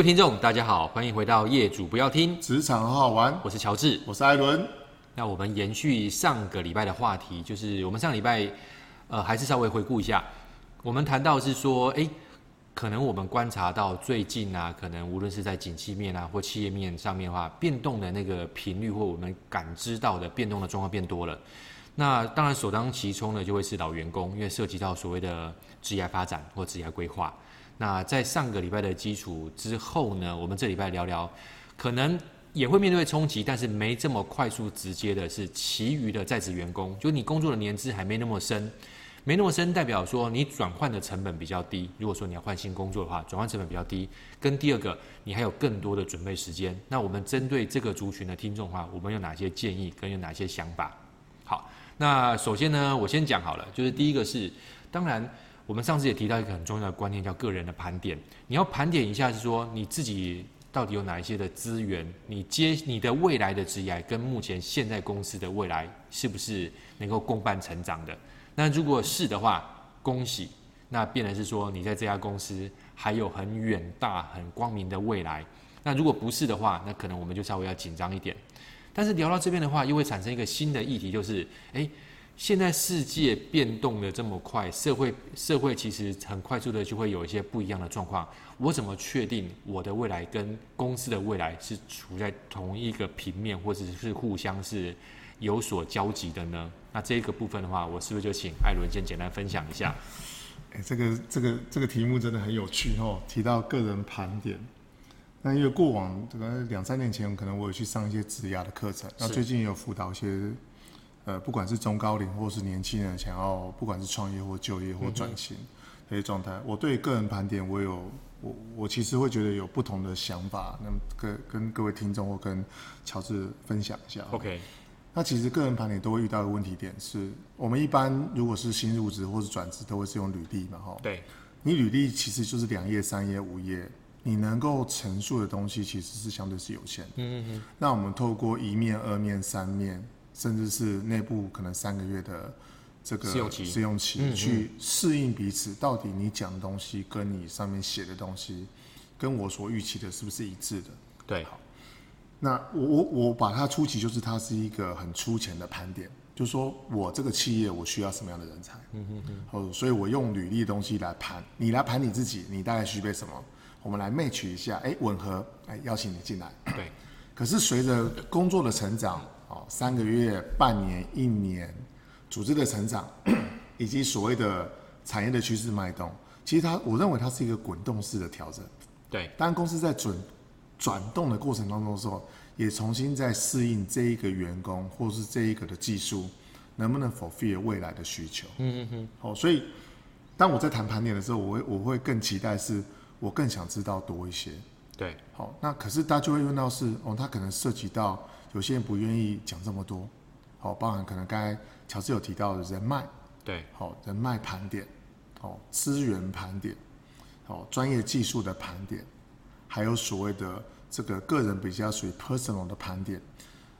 各位聽眾大家好，歡迎回到《業主不要聽職場好好玩》，我是喬治，我是艾倫。那我們延續上個禮拜的話題，就是我們上個禮拜，呃，還是稍微回顧一下，我們談到是說，哎，可能我們觀察到最近啊，可能無論是在景氣面啊或企業面上面的話，變動的那個頻率或我們感知到的變動的狀況變多了。那當然首當其衝的就會是老員工，因為涉及到所謂的職涯發展或職涯規劃。那在上個禮拜的基礎之後呢，我們這禮拜聊聊，可能也會面對衝擊，但是沒這麼快速直接的是，其餘的在職員工，就是你工作的年資還沒那麼深，沒那麼深，代表說你轉換的成本比較低。如果說你要換新工作的話，轉換成本比較低，跟第二個，你還有更多的準備時間。那我們針對這個族群的聽眾的話，我們有哪些建議，跟有哪些想法？好，那首先呢，我先講好了，就是第一個是，當然。我們上次也提到一個很重要的觀念，叫個人的盤點。你要盤點一下，是說你自己到底有哪一些的資源？你接你的未來的職業跟目前現在公司的未來，是不是能夠共伴成長的？那如果是的話，恭喜，那變成是說你在這家公司還有很遠大、很光明的未來。那如果不是的話，那可能我們就稍微要緊張一點。但是聊到這邊的話，又會產生一個新的議題，就是誒。現在世界變動得這麼快，社會社會其實很快速地就會有一些不一樣的狀況。我怎麼確定我的未來跟公司的未來是處在同一個平面，或者是互相是有所交集的呢？那這個部分的話，我是不是就請艾倫先簡單分享一下？哎，這個這個這個題目真的很有趣哦，提到個人盤點。那因為過往可能兩三年前，可能我有去上一些職涯的課程，那是最近也有輔導一些。呃，不管是中高齡或是年輕人想要，不管是創業或就業或轉型這些狀態，我對個人盤點，我有我我其實會覺得有不同的想法，那麼、個、跟跟各位聽眾或跟喬治分享一下。OK，那其實個人盤點都會遇到的問題點是，我們一般如果是新入職或是轉職，都會是用履歷嘛，吼。對，你履歷其實就是兩頁、三頁、五頁，你能夠陳述的東西其實是相對是有限的。嗯嗯哼。那我們透過一面、二面、三面。甚至是內部可能三個月的這個試用期，去適應彼此。到底你講的東西跟你上面寫的東西，跟我所預期的是不是一致的？對，好。那我我我把它初期就是它是一個很粗淺的盤點，就是說我這個企業我需要什麼樣的人才？嗯嗯嗯。所以我用履歷的東西來盤，你來盤你自己，你大概需要什麼？我們來 match 一下，哎、欸，吻合，哎、欸，邀請你進來。對。可是隨着工作的成長。三個月、半年、一年，組織的成長，咳咳以及所謂的產業的趨勢脈動，其實它，我認為它是一個滾動式的調整。對，當公司在轉轉動的過程當中的時候，也重新在適應這一個員工或是這一個的技術，能不能符合未來的需求？嗯嗯哼嗯。好、哦，所以當我在談盤點的時候，我會我會更期待是，是我更想知道多一些。對。好、哦，那可是大家就會問到是，哦，它可能涉及到。有些人不願意講這麼多，好、哦，包含可能剛才喬治有提到的人脈，對，好、哦、人脈盤點，哦，資源盤點，哦，專業技術的盤點，還有所謂的這個個人比較屬於 personal 的盤點。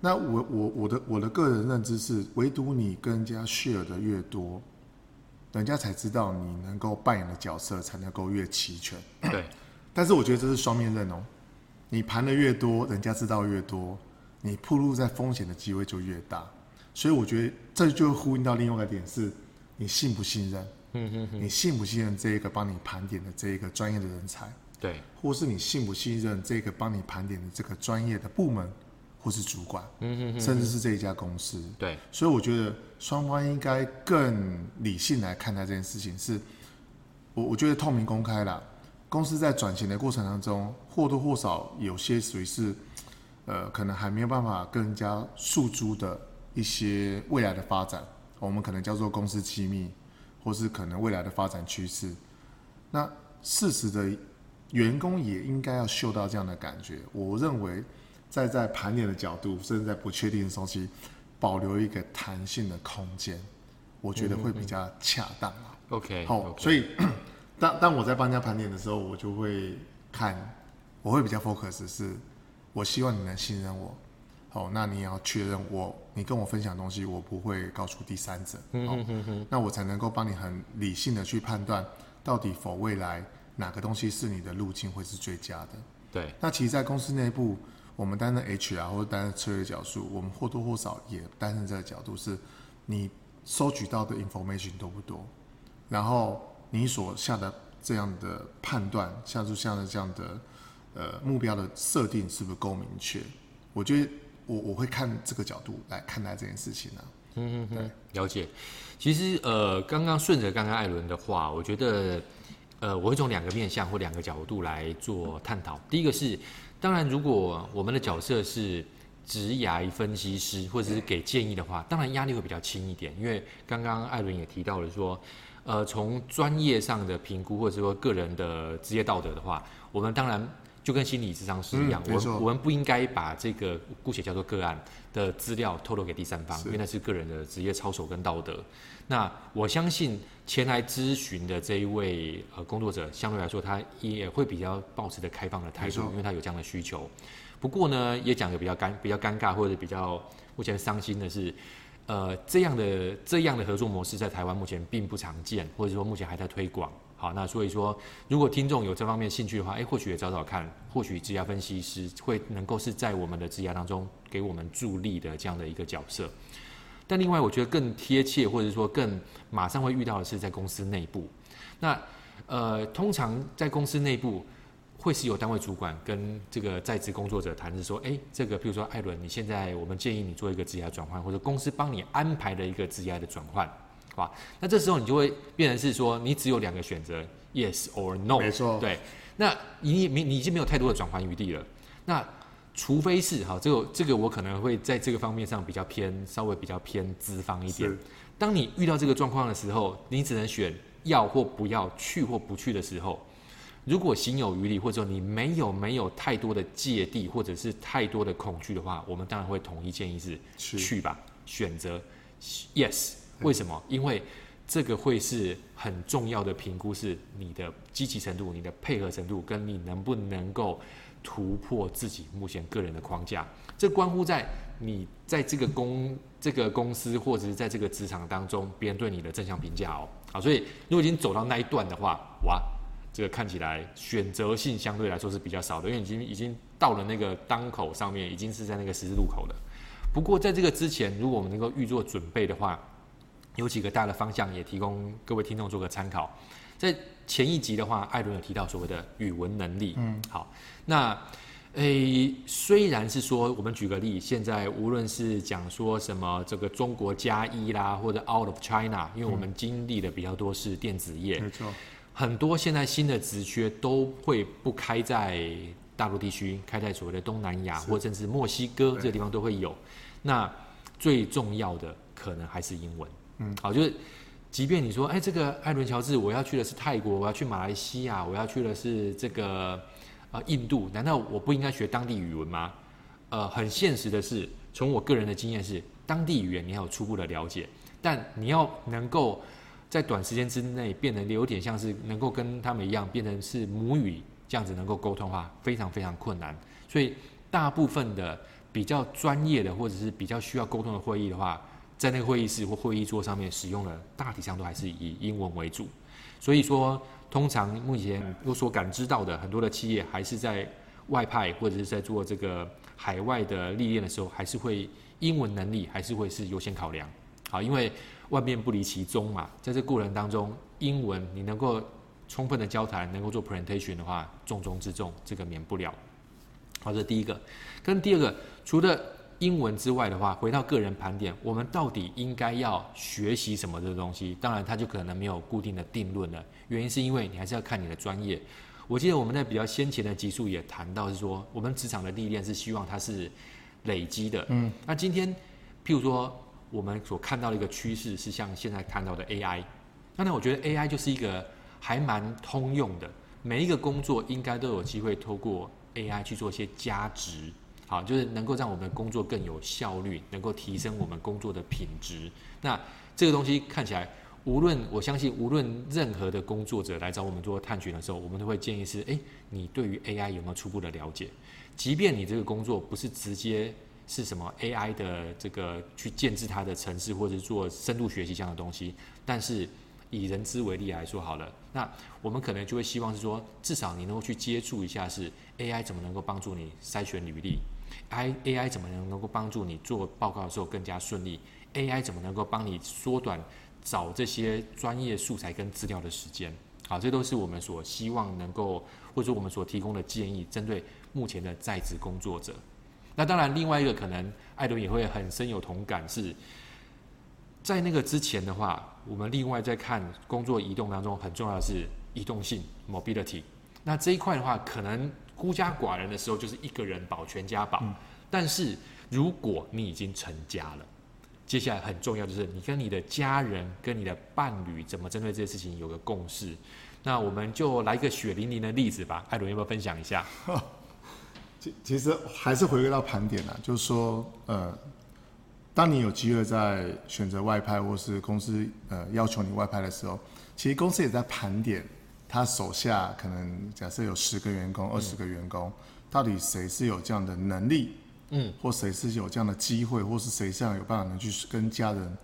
那我我我的我的個人認知是，唯獨你跟人家 share 的越多，人家才知道你能夠扮演的角色才能夠越齊全。對，但是我覺得這是雙面刃、哦，你盤的越多，人家知道越多。你暴露在風險的機會就越大，所以我覺得這就會呼應到另外一個點是，你信不信任？嗯你信不信任這個幫你盤點的這個專業的人才？對，或是你信不信任這個幫你盤點的這個專業的部門，或是主管？甚至是這一家公司？對，所以我覺得雙方應該更理性來看待這件事情。是，我我覺得透明公開了，公司在轉型的過程當中或多或少有些屬於是。呃，可能還沒有辦法更加訴諸的一些未來的發展，我們可能叫做公司機密，或是可能未來的發展趨勢。那事實的員工也應該要嗅到這樣的感覺。我認為，在在盤點的角度，甚至在不確定的東西，保留一個彈性的空間，我覺得會比較恰當。OK, okay. 好，所以當當我在幫人家盤點的時候，我就會看，我會比較 focus 是。我希望你能信任我，好、哦，那你也要確認我，你跟我分享的東西，我不會告訴第三者，嗯、哦， 那我才能夠幫你很理性的去判斷，到底否未來哪個東西是你的路徑會是最佳的。對，那其實，在公司內部，我們擔任 HR 或者擔任策略角度，我們或多或少也擔任這個角度，是你收取到的 information 多不多，然後你所下的這樣的判斷，像是下的這樣的。呃，目標的設定是不是夠明確？我覺得我我會看這個角度來看待這件事情呢、啊。嗯嗯對了解。其實呃，剛剛順着剛剛艾倫的話，我覺得呃，我會從兩個面向或兩個角度來做探討。第一個是，當然，如果我們的角色是職涯分析師或者是給建議的話，當然壓力會比較輕一點，因為剛剛艾倫也提到了說，呃，從專業上的評估或者是說個人的職業道德的話，我們當然。就跟心理諮商師一樣，我我們不應該把這個姑且叫做個案的資料透露給第三方，是因為那是個人的職業操守跟道德。那我相信前來諮詢的這一位呃工作者，相對來說他也會比較抱持的開放的態度，錯因為他有這樣的需求。不過呢，也講個比較尷比較尷尬或者比較目前傷心的是，呃，這樣的這樣的合作模式在台灣目前並不常見，或者說目前還在推廣。好，那所以說，如果聽眾有這方面興趣的話，誒，或許也找找看，或許職涯分析師會能夠是在我們的職涯當中給我們助力的這樣的一個角色。但另外，我覺得更貼切，或者說更馬上會遇到的是在公司內部。那呃，通常在公司內部會是由單位主管跟這個在職工作者談的，是說，誒，這個比如說艾倫，你現在我們建議你做一個職涯轉換，或者公司幫你安排了一個職涯的轉換。哇那這時候你就會變成是說，你只有兩個選擇，yes or no。沒錯。對，那你你,你已經沒有太多的轉圜餘地了。那除非是哈，這個這個我可能會在這個方面上比較偏，稍微比較偏資方一點。是當你遇到這個狀況的時候，你只能選要或不要，去或不去的時候，如果行有餘力，或者說你沒有沒有太多的芥蒂或者是太多的恐懼的話，我們當然會統一建議是去吧，是選擇 yes。為什麼？因為這個會是很重要的評估，是你的積極程度、你的配合程度，跟你能不能夠突破自己目前個人的框架。這關乎在你在這個公這個公司，或者是在這個職場當中，別人對你的正向評價哦。好，所以如果已經走到那一段的話，哇，這個看起來選擇性相對來說是比較少的，因為已經已經到了那個當口上面，已經是在那個十字路口了。不過，在這個之前，如果我們能夠預做準備的話，有幾個大的方向，也提供各位聽眾做個參考。在前一集的話，艾倫有提到所謂的語文能力。嗯，好，那誒，雖然是說，我們舉個例，現在無論是講說什麼這個中國加一啦，或者 Out of China，因為我們經歷的比較多是電子業，沒錯、嗯，很多現在新的職缺都會不開在大陸地區，開在所謂的東南亞是或甚至墨西哥這個地方都會有。對那最重要的可能還是英文。嗯，好，就是，即便你說，哎，這個艾倫喬治，我要去的是泰國，我要去馬來西亞，我要去的是這個，呃，印度，難道我不應該學當地語文嗎？呃，很現實的是，從我個人的經驗是，當地語言你還有初步的了解，但你要能夠在短時間之內變得有點像是能夠跟他們一樣變成是母語這樣子能夠溝通的話，非常非常困難。所以，大部分的比較專業的或者是比較需要溝通的會議的話，在那個會議室或會議桌上面使用的，大體上都還是以英文為主。所以說，通常目前我所感知到的很多的企業，還是在外派或者是在做這個海外的歷練的時候，還是會英文能力還是會是優先考量。好，因為萬變不離其宗嘛，在這過程當中，英文你能夠充分的交談，能夠做 presentation 的話，重中之重，這個免不了。好，這第一個，跟第二個，除了。英文之外的話，回到個人盤點，我們到底應該要學習什麼的東西？當然，它就可能沒有固定的定論了。原因是因為你還是要看你的專業。我記得我們在比較先前的集數也談到，是說我們職場的歷練是希望它是累積的。嗯，那今天譬如說我們所看到的一個趨勢是像現在看到的 AI，那我覺得 AI 就是一個還蠻通用的，每一個工作應該都有機會透過 AI 去做一些加值。好，就是能夠讓我們的工作更有效率，能夠提升我們工作的品質。那這個東西看起來，無論我相信，無論任何的工作者來找我們做探詢的時候，我們都會建議是：哎、欸，你對於 AI 有沒有初步的了解？即便你這個工作不是直接是什麼 AI 的這個去建置它的程式，或者是做深度學習這樣的東西，但是。以人資為例來說好了，那我們可能就會希望是說，至少你能夠去接觸一下是 AI 怎麼能夠幫助你篩選履歷，I AI, AI 怎麼能能夠幫助你做報告的時候更加順利，AI 怎麼能夠幫你縮短找這些專業素材跟資料的時間？好，這都是我們所希望能夠，或者說我們所提供的建議，針對目前的在職工作者。那當然，另外一個可能，艾倫也會很深有同感是。在那個之前的話，我們另外在看工作移動當中很重要的是移動性 （mobility）。那這一塊的話，可能孤家寡人的時候就是一個人保全家保，嗯、但是如果你已經成家了，接下來很重要就是你跟你的家人、跟你的伴侶怎麼針對這些事情有個共識。那我們就來一個血淋淋的例子吧，艾倫要不要分享一下？其其實還是回歸到盤點啊，就是說，呃。當你有機會在選擇外派，或是公司呃要求你外派的時候，其實公司也在盤點，他手下可能假設有十個員工、二十、嗯、個員工，到底誰是有這樣的能力，嗯，或誰是有這樣的機會，或是誰這有辦法能去跟家人，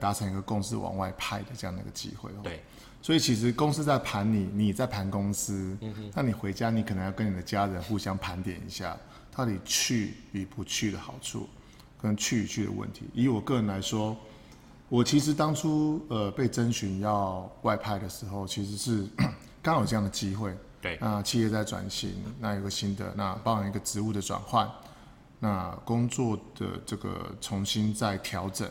達、呃、成一個共識往外派的這樣的一個機會、哦、對，所以其實公司在盤你，你在盤公司，嗯、哼那你回家你可能要跟你的家人互相盤點一下，到底去與不去的好處。跟去一去的問題，以我個人來說，我其實當初呃被徵詢要外派的時候，其實是剛好有這樣的機會。對，那、啊、企業在轉型，那有一個新的，那包含一個職務的轉換，那工作的這個重新再調整，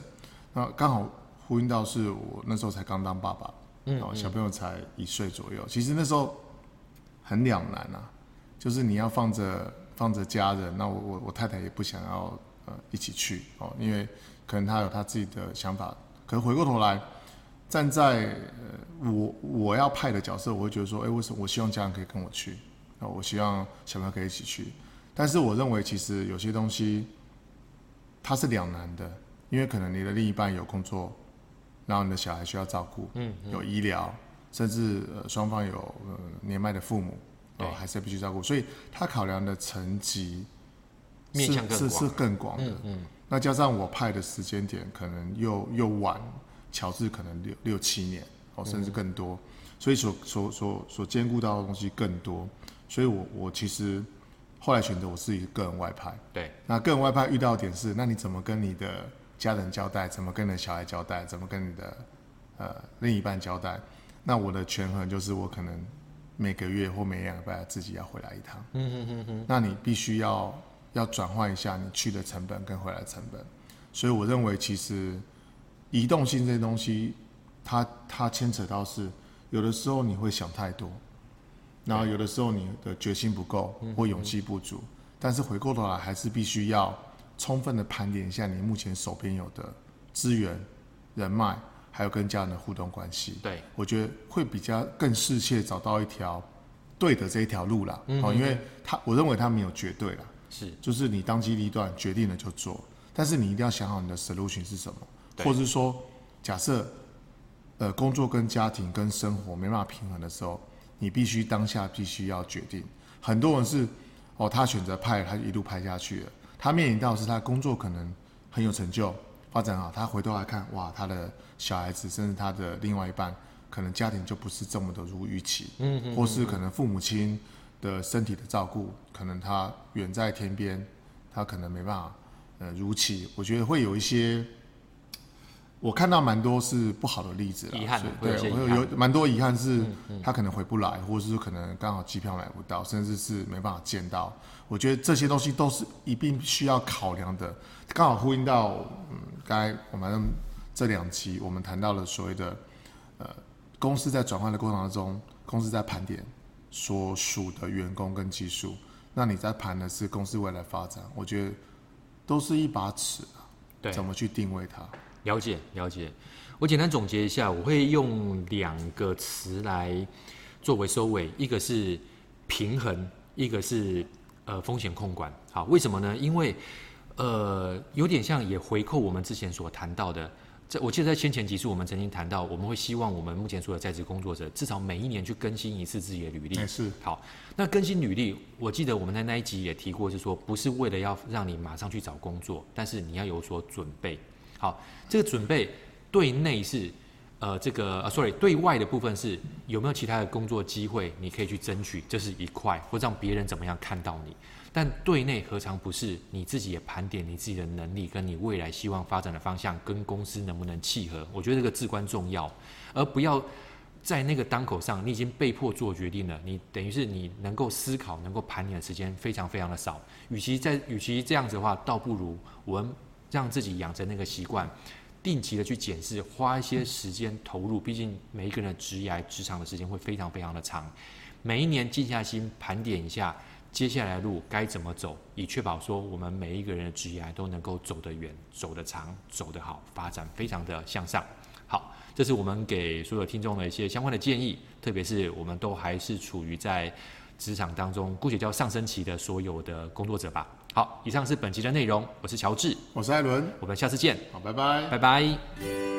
那剛好呼應到是我那時候才剛當爸爸，嗯，嗯，啊、小朋友才一歲左右。其實那時候很兩難啊，就是你要放着放着家人，那我我我太太也不想要。一起去哦，因為可能他有他自己的想法，可是回過頭來，站在我我要派的角色，我會覺得說，哎、欸，為什麼我希望家人可以跟我去，我希望小朋友可以一起去，但是我認為其實有些東西，它是兩難的，因為可能你的另一半有工作，然後你的小孩需要照顧，嗯嗯有醫療，甚至呃、雙方有、呃、年邁的父母，哦、呃，還是必須照顧，對所以他考量的層級。是是是更廣的嗯，嗯，那加上我派的時間點可能又又晚，喬治可能六六七年哦，甚至更多，嗯、所以所所所所兼顧到的東西更多，所以我我其實後來選擇我自己個人外派，對。那個人外派遇到的點是，那你怎麼跟你的家人交代，怎麼跟你的小孩交代，怎麼跟你的呃另一半交代？那我的權衡就是我可能每個月或每兩個禮拜自己要回來一趟，嗯嗯嗯嗯，那你必須要。要轉換一下你去的成本跟回來的成本，所以我認為其實移動性這些東西它，它它牽扯到是有的時候你會想太多，然後有的時候你的決心不夠或勇氣不足，但是回過頭來還是必須要充分的盤點一下你目前手邊有的資源、人脈，還有跟家人的互動關係。對，我覺得會比較更適切找到一條對的這一條路啦。好，因為他我認為他沒有絕對啦。是，就是你當機立斷，決定了就做，但是你一定要想好你的 solution 是什麼，對或者是說，假設，呃，工作跟家庭跟生活沒辦法平衡的時候，你必須當下必須要決定。很多人是，哦，他選擇派，他就一路派下去了，他面臨到是他的工作可能很有成就，發展好，他回頭來看，哇，他的小孩子甚至他的另外一半，可能家庭就不是這麼的如預期，嗯哼嗯哼或是可能父母親。的身體的照顧，可能他遠在天邊，他可能沒辦法，呃，如期。我覺得會有一些，我看到蠻多是不好的例子啦，遺憾了，對，有有蠻多遺憾是他可能回不來，嗯嗯、或者是可能剛好機票買不到，甚至是沒辦法見到。我覺得這些東西都是一併需要考量的，剛好呼應到該、嗯、我們這兩期我們談到了所謂的，呃，公司在轉換的過程當中，公司在盤點。所屬的員工跟技術，那你在盤的是公司未來發展，我覺得都是一把尺對怎麼去定位它？了解了解，我簡單總結一下，我會用兩個詞來作為收尾，一個是平衡，一個是呃風險控管。好，為什麼呢？因為呃有點像也回扣我們之前所談到的。這我記得在先前集，是我們曾經談到，我們會希望我們目前所有在職工作者至少每一年去更新一次自己的履歷。是好，那更新履歷，我記得我們在那一集也提過，是說不是為了要讓你馬上去找工作，但是你要有所準備。好，這個準備對內是呃這個、啊、sorry 對外的部分是有沒有其他的工作機會你可以去爭取，這是一塊；或讓別人怎麼樣看到你。但對內何嘗不是你自己也盤點你自己的能力，跟你未來希望發展的方向跟公司能不能契合？我覺得這個至關重要，而不要在那個當口上你已經被迫做決定了，你等於是你能夠思考、能夠盤點的時間非常非常的少。與其在與其這樣子的話，倒不如我們讓自己養成那個習慣，定期的去檢視，花一些時間投入。畢竟每一個人的職涯職場的時間會非常非常的長，每一年靜下心盤點一下。接下來的路該怎麼走，以確保說我們每一個人的職業都能夠走得遠、走得長、走得好，發展非常的向上。好，這是我們給所有聽眾的一些相關的建議，特別是我們都還是處於在職場當中，姑且叫上升期的所有的工作者吧。好，以上是本集的內容，我是喬治，我是艾倫，我們下次見。好，拜拜，拜拜。